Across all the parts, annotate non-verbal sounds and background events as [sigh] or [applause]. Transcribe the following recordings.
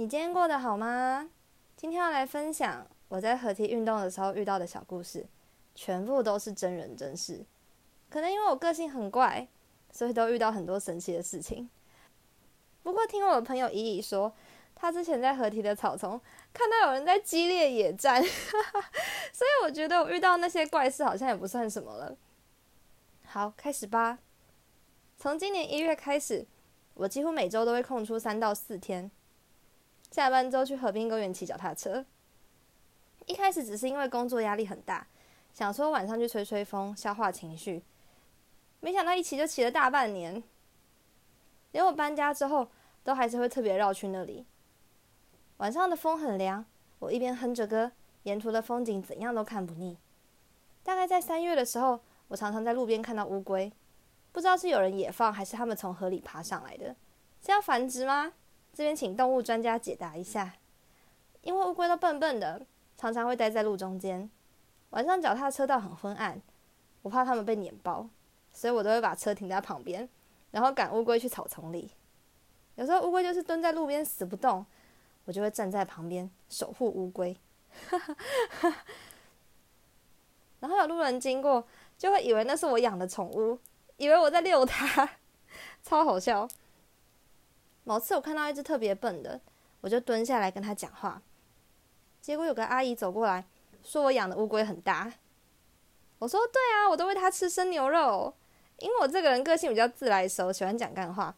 你今天過得好嗎？今天要來分享我在河堤運動的時候遇到的小故事，全部都是真人真事。可能因為我個性很怪，所以都遇到很多神奇的事情。不過聽我的朋友怡怡說，她之前在河堤的草叢看到有人在激烈野戰， [laughs] 所以我覺得我遇到那些怪事好像也不算什麼了。好，開始吧。從今年一月開始，我幾乎每周都會空出三到四天。下班之後去河濱公園騎腳踏車，一開始只是因為工作壓力很大，想說晚上去吹吹風，消化情緒。沒想到一騎就騎了大半年，連我搬家之後都還是會特別繞去那裡。晚上的風很涼，我一邊哼着歌，沿途的風景怎樣都看不膩。大概在三月的時候，我常常在路邊看到烏龜，不知道是有人野放還是他們從河裡爬上來的，是要繁殖嗎？這邊請動物專家解答一下，因為烏龜都笨笨的，常常會待在路中間。晚上腳踏車道很昏暗，我怕它們被碾爆，所以我都會把車停在旁邊，然後趕烏龜去草叢裡。有時候烏龜就是蹲在路邊死不動，我就會站在旁邊守護烏龜， [laughs] 然後有路人經過，就會以為那是我養的寵物，以為我在遛它，超好笑。某次我看到一隻特別笨的，我就蹲下來跟他講話，結果有個阿姨走過來說我養的烏龜很大，我說對啊，我都餵它吃生牛肉，因為我這個人個性比較自來熟，喜歡講幹話。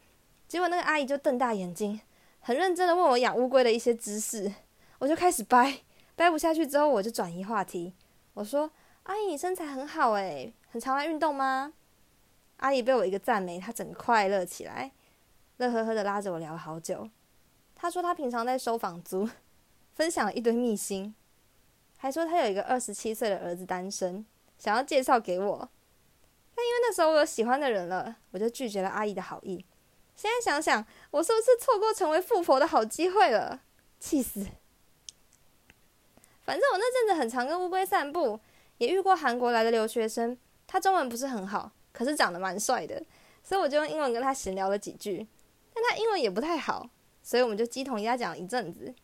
結果那個阿姨就瞪大眼睛，很認真的問我養烏龜的一些知識，我就開始掰，掰不下去之後我就轉移話題，我說阿姨你身材很好欸，很常來運動嗎？阿姨被我一個讚美，她整個快樂起來。樂呵呵的拉着我聊了好久。他說他平常在收房租，分享了一堆秘辛，還說他有一個二十七歲的兒子單身，想要介紹給我。但因為那時候我有喜歡的人了，我就拒絕了阿姨的好意。現在想想，我是不是錯過成為富婆的好機會了？氣死！反正我那陣子很常跟烏龜散步，也遇過韓國來的留學生，他中文不是很好，可是長得蠻帥的，所以我就用英文跟他閒聊了幾句。但他英文也不太好，所以我們就雞同鴨講了一陣子。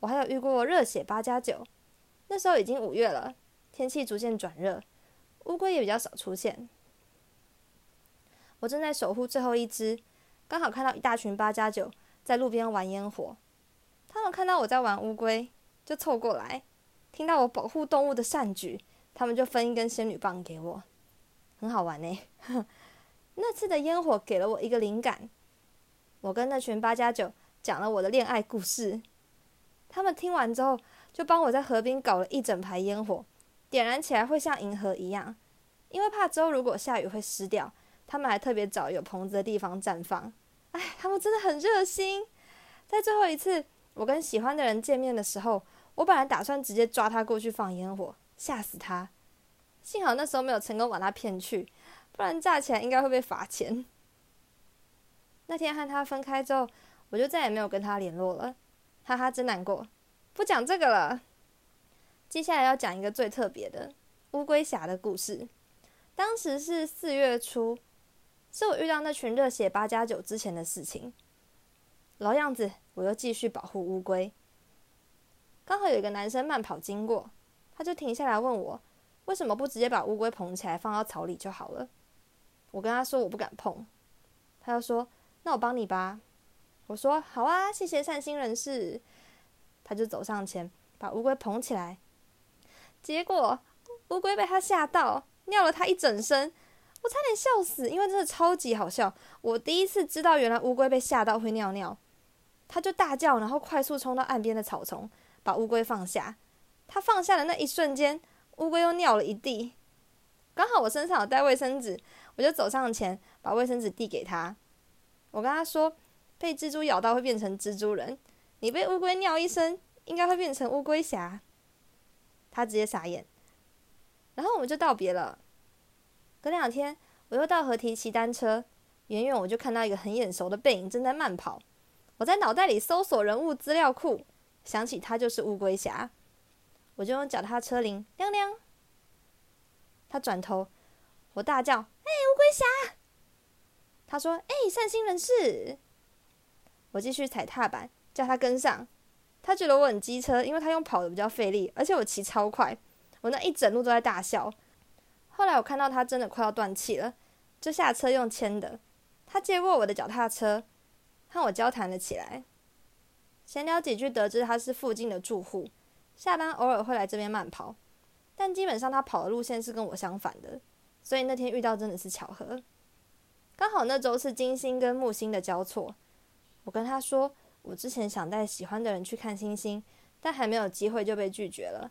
我還有遇過熱血八加九，那時候已經五月了，天氣逐漸轉熱，烏龜也比較少出現。我正在守護最後一隻，剛好看到一大群八加九在路邊玩煙火，他們看到我在玩烏龜，就湊過來，聽到我保護動物的善舉，他們就分一根仙女棒給我，很好玩呢、欸。 [laughs] 那次的煙火給了我一個靈感。我跟那群八加九講了我的戀愛故事，他們聽完之後就幫我在河邊搞了一整排煙火，點燃起來會像銀河一樣。因為怕之後如果下雨會濕掉，他們還特別找有棚子的地方綻放。唉，他們真的很熱心。在最後一次我跟喜歡的人見面的時候，我本來打算直接抓他過去放煙火，嚇死他。幸好那時候沒有成功把他騙去，不然炸起來應該會被罰錢。那天和他分開之後，我就再也沒有跟他聯絡了，哈哈，真難過。不講這個了，接下來要講一個最特別的烏龜俠的故事。當時是四月初，是我遇到那群熱血八加九之前的事情。老樣子，我又繼續保護烏龜。剛好有一個男生慢跑經過，他就停下來問我，為什麼不直接把烏龜捧起來放到草裡就好了？我跟他說我不敢碰，他就說。那我幫你吧，我說好啊，謝謝善心人士。他就走上前，把烏龜捧起來，結果烏龜被他嚇到，尿了他一整身。我差點笑死，因為真的超級好笑。我第一次知道，原來烏龜被嚇到會尿尿。他就大叫，然後快速衝到岸邊的草叢，把烏龜放下。他放下的那一瞬間，烏龜又尿了一地。剛好我身上有帶衛生紙，我就走上前，把衛生紙遞給他。我跟他說，被蜘蛛咬到會變成蜘蛛人。你被烏龜尿一身，應該會變成烏龜俠。他直接傻眼。然後我們就道別了。隔兩天，我又到河堤騎單車，遠遠我就看到一個很眼熟的背影正在慢跑。我在腦袋裡搜索人物資料庫，想起他就是烏龜俠。我就用腳踏車鈴，亮亮。他轉頭，我大叫：“哎、欸，烏龜俠！”他說：“哎、欸，善心人士，我繼續踩踏板，叫他跟上。他覺得我很機車，因為他用跑的比較費力，而且我騎超快。我那一整路都在大笑。後來我看到他真的快要斷氣了，就下車用牽的。他借過我的腳踏車，和我交談了起來，閒聊幾句，得知他是附近的住戶，下班偶爾會來這邊慢跑，但基本上他跑的路線是跟我相反的，所以那天遇到真的是巧合。”剛好那周是金星跟木星的交錯，我跟他說，我之前想帶喜歡的人去看星星，但還沒有機會就被拒絕了。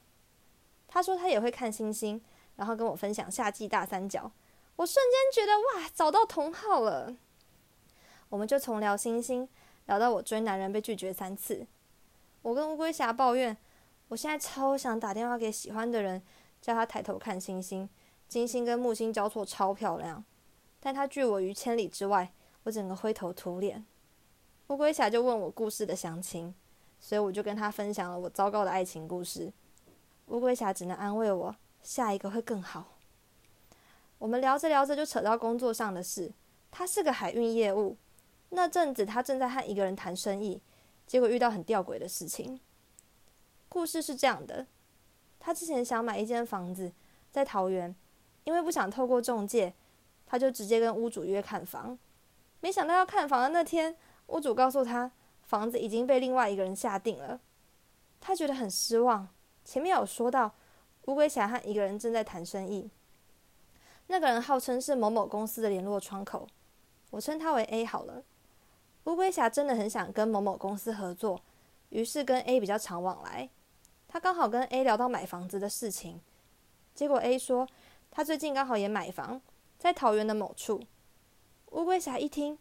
他說他也會看星星，然後跟我分享夏季大三角，我瞬間覺得哇，找到同好了。我們就從聊星星聊到我追男人被拒絕三次，我跟烏龜俠抱怨，我現在超想打電話給喜歡的人，叫他抬頭看星星，金星跟木星交錯超漂亮。但他拒我於千里之外，我整個灰頭土臉。烏龜俠就問我故事的詳情，所以我就跟他分享了我糟糕的愛情故事。烏龜俠只能安慰我：“下一個會更好。”我們聊着聊着就扯到工作上的事。他是個海運業務，那陣子他正在和一個人談生意，結果遇到很吊詭的事情。故事是這樣的：他之前想買一間房子在桃園，因為不想透過仲介。他就直接跟屋主約看房，沒想到要看房的那天，屋主告訴他房子已經被另外一個人下定了。他覺得很失望。前面有說到，烏龜俠和一個人正在談生意，那個人號稱是某某公司的聯絡窗口，我稱他為 A 好了。烏龜俠真的很想跟某某公司合作，於是跟 A 比較常往來。他剛好跟 A 聊到買房子的事情，結果 A 說他最近剛好也買房。在桃園的某處，烏龜俠一聽，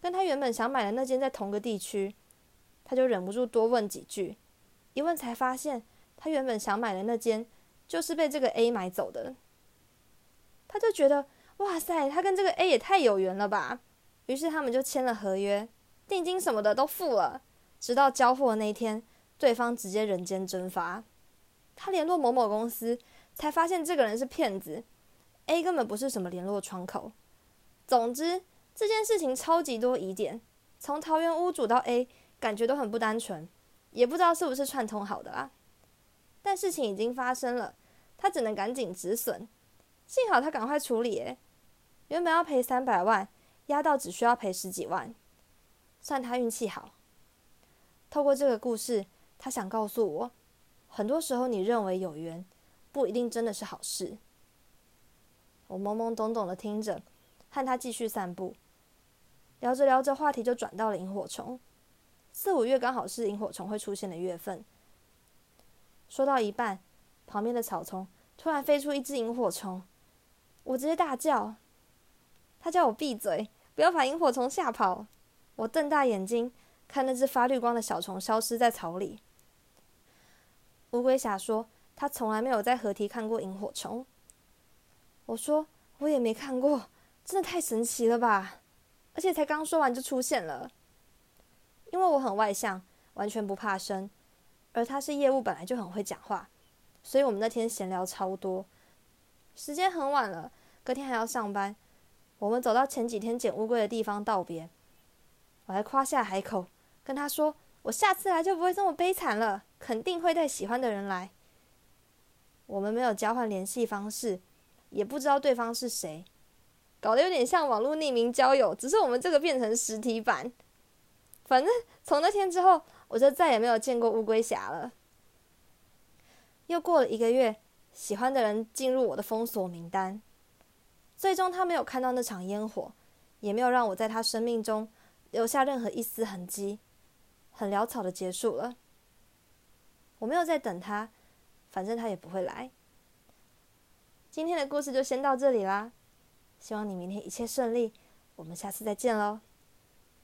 跟他原本想買的那間在同個地區，他就忍不住多問幾句。一問才發現，他原本想買的那間，就是被這個 A 買走的。他就覺得，哇塞，他跟這個 A 也太有緣了吧！於是他們就簽了合約，定金什麼的都付了，直到交貨的那天，對方直接人間蒸發。他聯絡某某公司，才發現這個人是騙子。A 根本不是什麼聯絡窗口。總之，這件事情超級多疑點，從桃園屋主到 A，感覺都很不單純，也不知道是不是串通好的啦。但事情已經發生了，他只能趕緊止損。幸好他趕快處理，欸，哎，原本要賠三百萬，壓到只需要賠十幾萬，算他運氣好。透過這個故事，他想告訴我，很多時候你認為有緣，不一定真的是好事。我懵懵懂懂的聽着，和他繼續散步，聊着聊着，話題就轉到了螢火蟲。四五月剛好是螢火蟲會出現的月份。說到一半，旁邊的草叢突然飛出一隻螢火蟲，我直接大叫。他叫我閉嘴，不要把螢火蟲嚇跑。我瞪大眼睛，看那隻發綠光的小蟲消失在草裡。烏龜俠說，他從來沒有在河堤看過螢火蟲。我說我也沒看過，真的太神奇了吧！而且才剛說完就出現了。因為我很外向，完全不怕生，而他是業務，本來就很會講話，所以我們那天閒聊超多。時間很晚了，隔天還要上班，我們走到前幾天撿烏龜的地方道別。我還誇下海口，跟他說我下次來就不會這麼悲慘了，肯定會帶喜歡的人來。我們沒有交換聯繫方式。也不知道對方是誰，搞得有點像網絡匿名交友，只是我們這個變成實體版。反正從那天之後，我就再也沒有見過烏龜俠了。又過了一個月，喜歡的人進入我的封鎖名單。最終，他沒有看到那場煙火，也沒有讓我在他生命中留下任何一絲痕跡，很潦草的結束了。我沒有再等他，反正他也不會來。今天的故事就先到這裡啦，希望你明天一切順利，我們下次再見嘍。